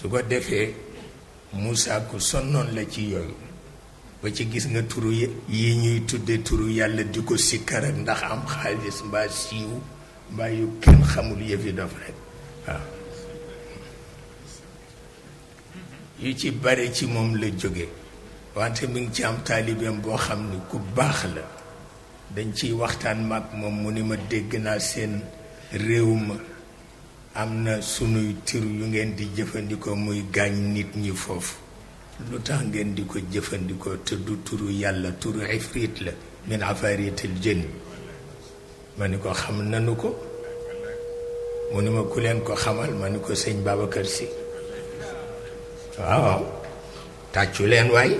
su ko defee Moussa ku sonnoon la ci yooyu ba ci gis nga turu yi ñuy tuddee turu yàlla di ko sikkar ak ndax am xaalis mbaa siiw mbaa yu kenn xamul yëfi dof rek waaw yu ci bare ci moom la jóge wante mi ci am taalibeem boo xam ni ku baax la dañ ciy waxtaan mag moom mu ni ma dégg naa seen réew ma am na sunuy tur yu ngeen di jëfandikoo muy gaañ nit ñi foofu lu tax ngeen di ko jëfandikoo te turu yàlla turu ifrit la min afaritil jën ma ni ko xam nanu ko mu ni ma ku leen ko xamal ma ni ko sëñ Babacar Si waaw tàccu leen waay